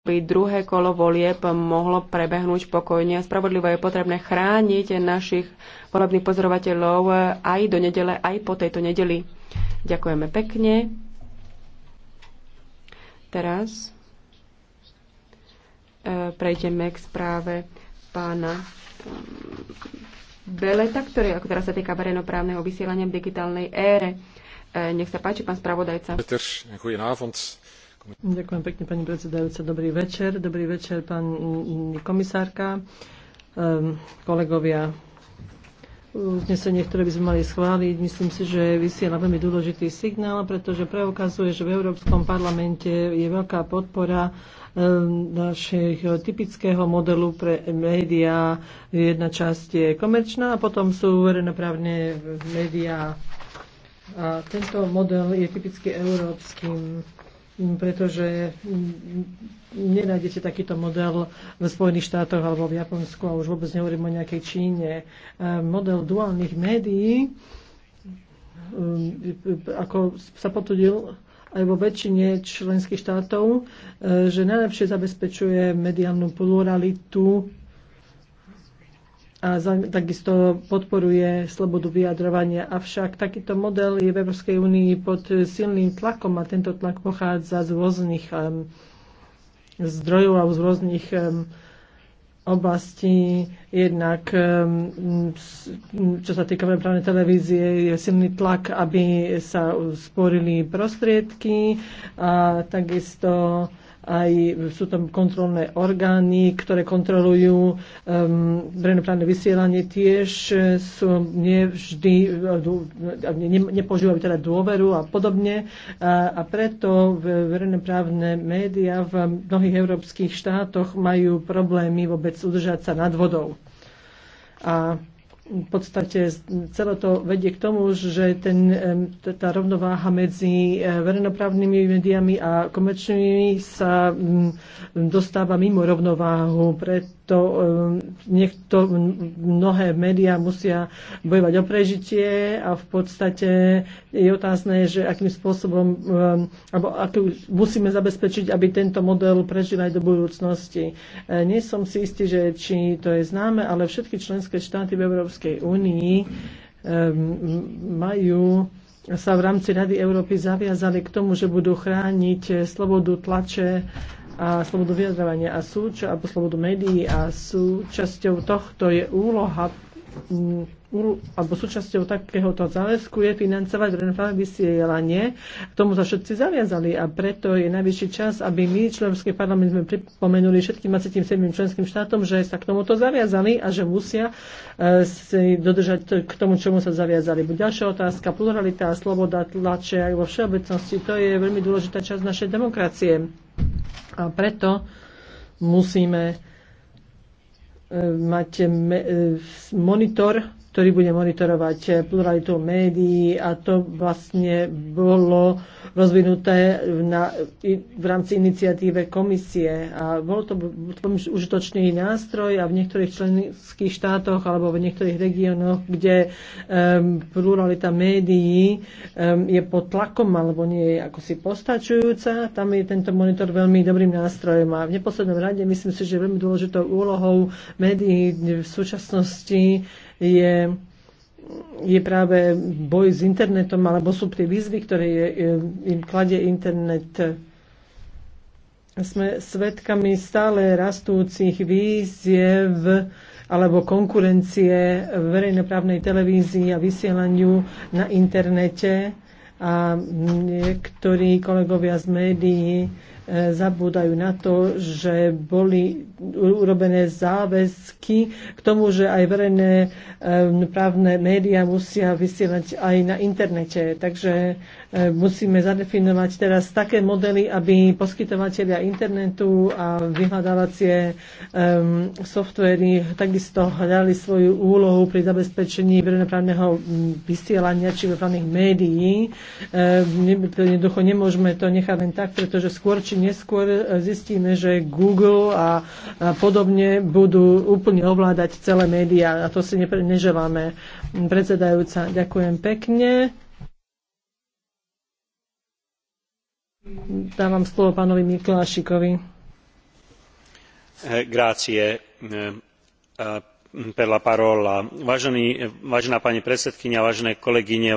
Aby druhé kolo volieb mohlo prebehnúť pokojne a spravodlivo je potrebné chrániť našich volebných pozorovateľov aj do nedele, aj po tejto nedeli. Ďakujeme pekne. Teraz e, prejdeme k správe pána mm, Beleta, ktorý, ktorá sa týka verejnoprávneho vysielania v digitálnej ére. E, nech sa páči, pán spravodajca. Peter, Ďakujem pekne, pani predsedajúca. Dobrý večer. Dobrý večer, pani komisárka, ehm, kolegovia. Uznesenie, ktoré by sme mali schváliť, myslím si, že vysiela veľmi dôležitý signál, pretože preukazuje, že v Európskom parlamente je veľká podpora ehm, našeho typického modelu pre médiá. Jedna časť je komerčná a potom sú verejnoprávne médiá. A tento model je typicky európskym Mm, pretože mm, mm, nenájdete takýto model v Spojených štátoch alebo v Japonsku a už vôbec nehovorím o nejakej Číne. E, model duálnych médií, ako sa potvrdil aj vo väčšine členských štátov, e, že najlepšie zabezpečuje mediálnu pluralitu a takisto podporuje slobodu vyjadrovania. Avšak takýto model je v Európskej únii pod silným tlakom a tento tlak pochádza z rôznych um, zdrojov a z rôznych um, oblastí. Jednak, um, čo sa týka verejnoprávnej televízie, je silný tlak, aby sa sporili prostriedky a takisto aj sú tam kontrolné orgány, ktoré kontrolujú um, verejnoprávne vysielanie, tiež eh, sú nevždy, eh, ne, nepožívajú teda dôveru a podobne. A, a preto verejnoprávne médiá v mnohých európskych štátoch majú problémy vôbec udržať sa nad vodou. A v podstate celé to vedie k tomu, že ten, tá rovnováha medzi eh, verejnoprávnymi médiami a komerčnými sa mm, dostáva mimo rovnováhu. Preto niekto, mnohé médiá musia bojovať o prežitie a v podstate je otázne, že akým spôsobom alebo akú, musíme zabezpečiť, aby tento model prežil aj do budúcnosti. Eh, nie som si istý, že či to je známe, ale všetky členské štáty v Európskej Európskej únii majú sa v rámci Rady Európy zaviazali k tomu, že budú chrániť slobodu tlače a slobodu vyjadrovania a súča, alebo slobodu médií a súčasťou tohto je úloha alebo súčasťou takéhoto záväzku je financovať renoválne vysielanie. K tomu sa všetci zaviazali a preto je najvyšší čas, aby my, členský parlament, sme pripomenuli všetkým 27 členským štátom, že sa k tomuto zaviazali a že musia e, si dodržať k tomu, čomu sa zaviazali. Ďalšia otázka, pluralita a sloboda tlače aj vo všeobecnosti, to je veľmi dôležitá časť našej demokracie. A preto musíme e, mať e, monitor ktorý bude monitorovať eh, pluralitu médií a to vlastne bolo rozvinuté na, v rámci iniciatíve komisie. A bol to užitočný nástroj a v niektorých členských štátoch alebo v niektorých regiónoch, kde um, pluralita médií um, je pod tlakom alebo nie je ako si postačujúca, tam je tento monitor veľmi dobrým nástrojom. A v neposlednom rade myslím si, že veľmi dôležitou úlohou médií v súčasnosti je je práve boj s internetom, alebo sú tie výzvy, ktoré je, im kladie internet. Sme svedkami stále rastúcich výziev alebo konkurencie verejnoprávnej televízii a vysielaniu na internete. A niektorí kolegovia z médií zabúdajú na to, že boli urobené záväzky k tomu, že aj verejné právne médiá musia vysielať aj na internete. Takže musíme zadefinovať teraz také modely, aby poskytovateľia internetu a vyhľadávacie um, softvery takisto hľadali svoju úlohu pri zabezpečení verejnoprávneho vysielania či verejnoprávnych médií. Um, jednoducho nemôžeme to nechať len tak, pretože skôr či neskôr e, zistíme, že Google a podobne budú úplne ovládať celé médiá a to si neželáme. Predsedajúca, ďakujem pekne. Dávam slovo pánovi Mikulášikovi. Grácie e, vážená pani predsedkyňa vážené kolegyne e,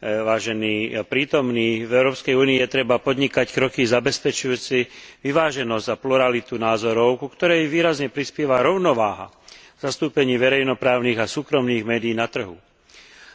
vážení prítomní v európskej únii je treba podnikať kroky zabezpečujúce vyváženosť a pluralitu názorov ku ktorej výrazne prispieva rovnováha v zastúpení verejnoprávnych a súkromných médií na trhu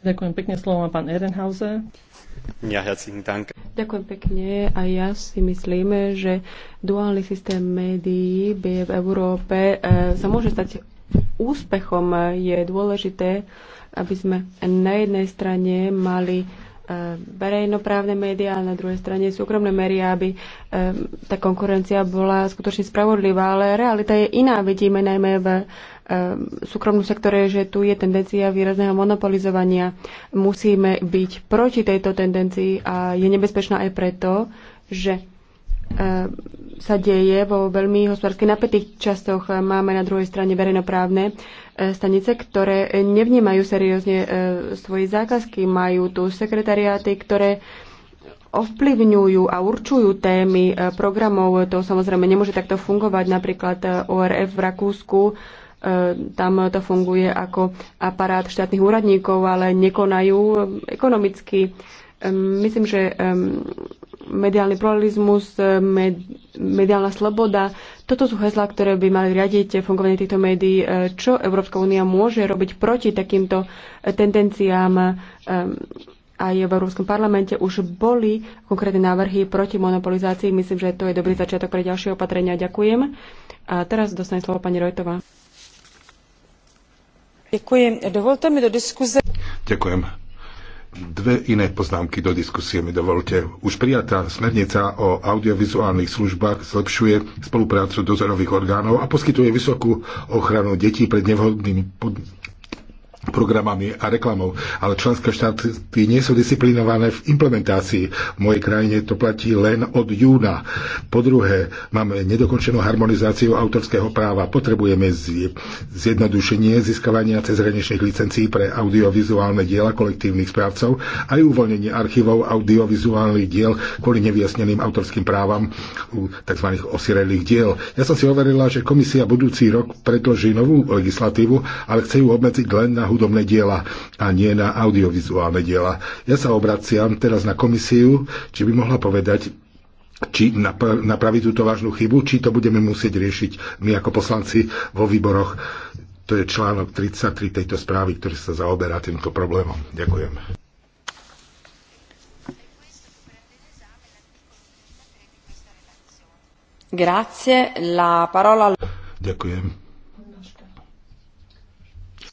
Ďakujem pekne, slovo má pán Ehrenhauser. Ja, herzlichen Dank. Ďakujem pekne a ja si myslím, že duálny systém médií by v Európe eh, sa môže stať úspechom. Je dôležité, aby sme na jednej strane mali eh, verejnoprávne médiá a na druhej strane súkromné médiá, aby eh, tá konkurencia bola skutočne spravodlivá, ale realita je iná. Vidíme najmä v súkromnom sektore, že tu je tendencia výrazného monopolizovania. Musíme byť proti tejto tendencii a je nebezpečná aj preto, že e, sa deje vo veľmi hospodársky napätých častoch. Máme na druhej strane verejnoprávne e, stanice, ktoré nevnímajú seriózne e, svoje zákazky. Majú tu sekretariáty, ktoré ovplyvňujú a určujú témy programov. To samozrejme nemôže takto fungovať. Napríklad ORF v Rakúsku E, tam to funguje ako aparát štátnych úradníkov, ale nekonajú ekonomicky. E, myslím, že e, mediálny pluralizmus, med, mediálna sloboda. Toto sú hezla, ktoré by mali riadiť fungovanie týchto médií. Čo Európska únia môže robiť proti takýmto tendenciám? Aj v Európskom parlamente už boli konkrétne návrhy proti monopolizácii. Myslím, že to je dobrý začiatok pre ďalšie opatrenia. Ďakujem. A teraz dostane slovo pani Rojtová. Dovolte mi do diskuze... Ďakujem. Dve iné poznámky do diskusie mi dovolte. Už prijatá smernica o audiovizuálnych službách zlepšuje spoluprácu dozorových orgánov a poskytuje vysokú ochranu detí pred nevhodnými pod programami a reklamou, ale členské štáty nie sú disciplinované v implementácii. V mojej krajine to platí len od júna. Po druhé, máme nedokončenú harmonizáciu autorského práva. Potrebujeme zjednodušenie získavania cezhraničných licencií pre audiovizuálne diela kolektívnych správcov aj uvoľnenie archívov audiovizuálnych diel kvôli nevyjasneným autorským právam u tzv. osirelých diel. Ja som si overila, že komisia budúci rok predloží novú legislatívu, ale chce ju obmedziť len na hudbu hudobné diela a nie na audiovizuálne diela. Ja sa obraciam teraz na komisiu, či by mohla povedať, či napraviť túto vážnu chybu, či to budeme musieť riešiť my ako poslanci vo výboroch. To je článok 33 tejto správy, ktorý sa zaoberá týmto problémom. Ďakujem. Grazie, la parola... Ďakujem.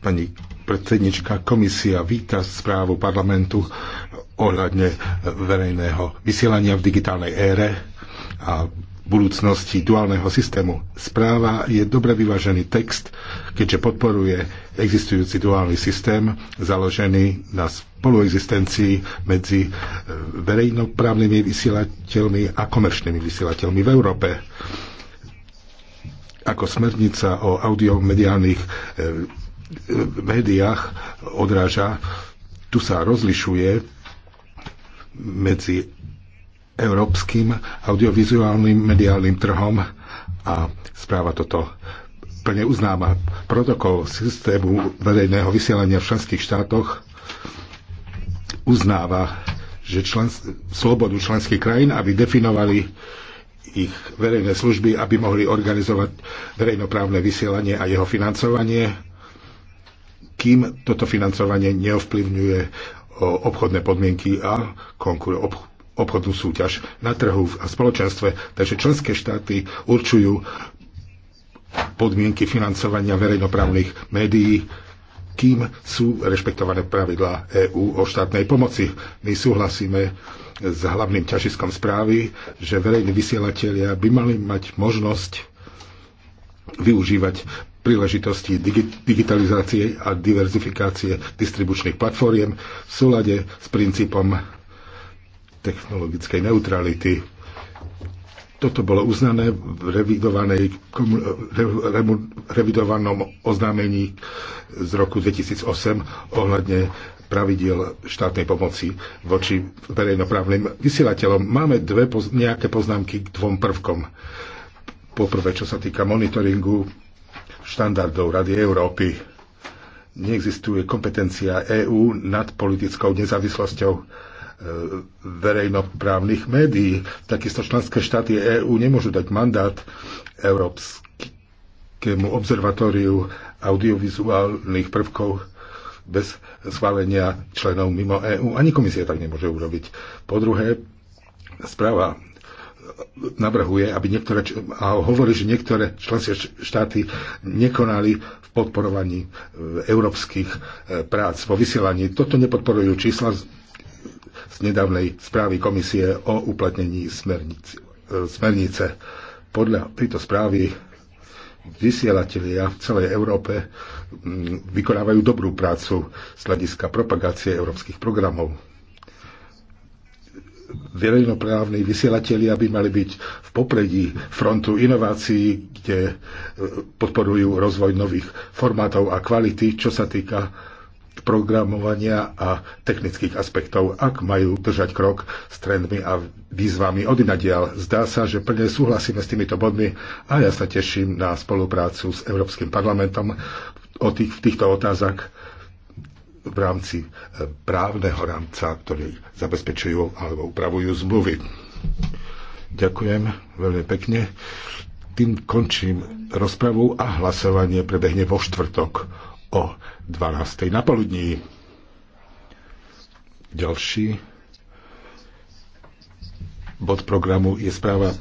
Pani predsednička, komisia víta správu parlamentu ohľadne verejného vysielania v digitálnej ére a budúcnosti duálneho systému. Správa je dobre vyvážený text, keďže podporuje existujúci duálny systém založený na spoluexistencii medzi e, verejnoprávnymi vysielateľmi a komerčnými vysielateľmi v Európe ako smernica o audiomediálnych e, v médiách odráža, tu sa rozlišuje medzi európskym audiovizuálnym mediálnym trhom a správa toto plne uznáva protokol systému verejného vysielania v členských štátoch uznáva že člen, slobodu členských krajín, aby definovali ich verejné služby, aby mohli organizovať verejnoprávne vysielanie a jeho financovanie, kým toto financovanie neovplyvňuje e, obchodné podmienky a konkur- obchodnú súťaž na trhu a spoločenstve. Takže členské štáty určujú podmienky financovania verejnoprávnych médií, kým sú rešpektované pravidlá EÚ o štátnej pomoci. My súhlasíme s hlavným ťažiskom správy, že verejní vysielatelia by mali mať možnosť využívať príležitosti digitalizácie a diverzifikácie distribučných platformiem v súlade s princípom technologickej neutrality. Toto bolo uznané v revidovanom oznámení z roku 2008 ohľadne pravidiel štátnej pomoci voči verejnoprávnym vysielateľom. Máme dve poz- nejaké poznámky k dvom prvkom. Poprvé, čo sa týka monitoringu štandardov Rady Európy. Neexistuje kompetencia EÚ nad politickou nezávislosťou e, verejnoprávnych médií. Takisto členské štáty EÚ nemôžu dať mandát Európskemu observatóriu audiovizuálnych prvkov bez schválenia členov mimo EÚ. Ani komisia tak nemôže urobiť. Po druhé, správa navrhuje, aby niektoré, a hovorí, že niektoré členské štáty nekonali v podporovaní e, európskych e, prác vo vysielaní. Toto nepodporujú čísla z nedávnej správy komisie o uplatnení smernice. smernice. Podľa tejto správy vysielatelia v celej Európe vykonávajú dobrú prácu z hľadiska propagácie európskych programov verejnoprávni vysielateľi, aby mali byť v popredí frontu inovácií, kde e, podporujú rozvoj nových formátov a kvality, čo sa týka programovania a technických aspektov, ak majú držať krok s trendmi a výzvami odinadiaľ. Zdá sa, že plne súhlasíme s týmito bodmi a ja sa teším na spoluprácu s Európskym parlamentom o tých, v týchto otázach v rámci e, právneho rámca, ktorý zabezpečujú alebo upravujú zmluvy. Ďakujem veľmi pekne. Tým končím rozpravu a hlasovanie prebehne vo štvrtok o 12. na poludní. Ďalší bod programu je správa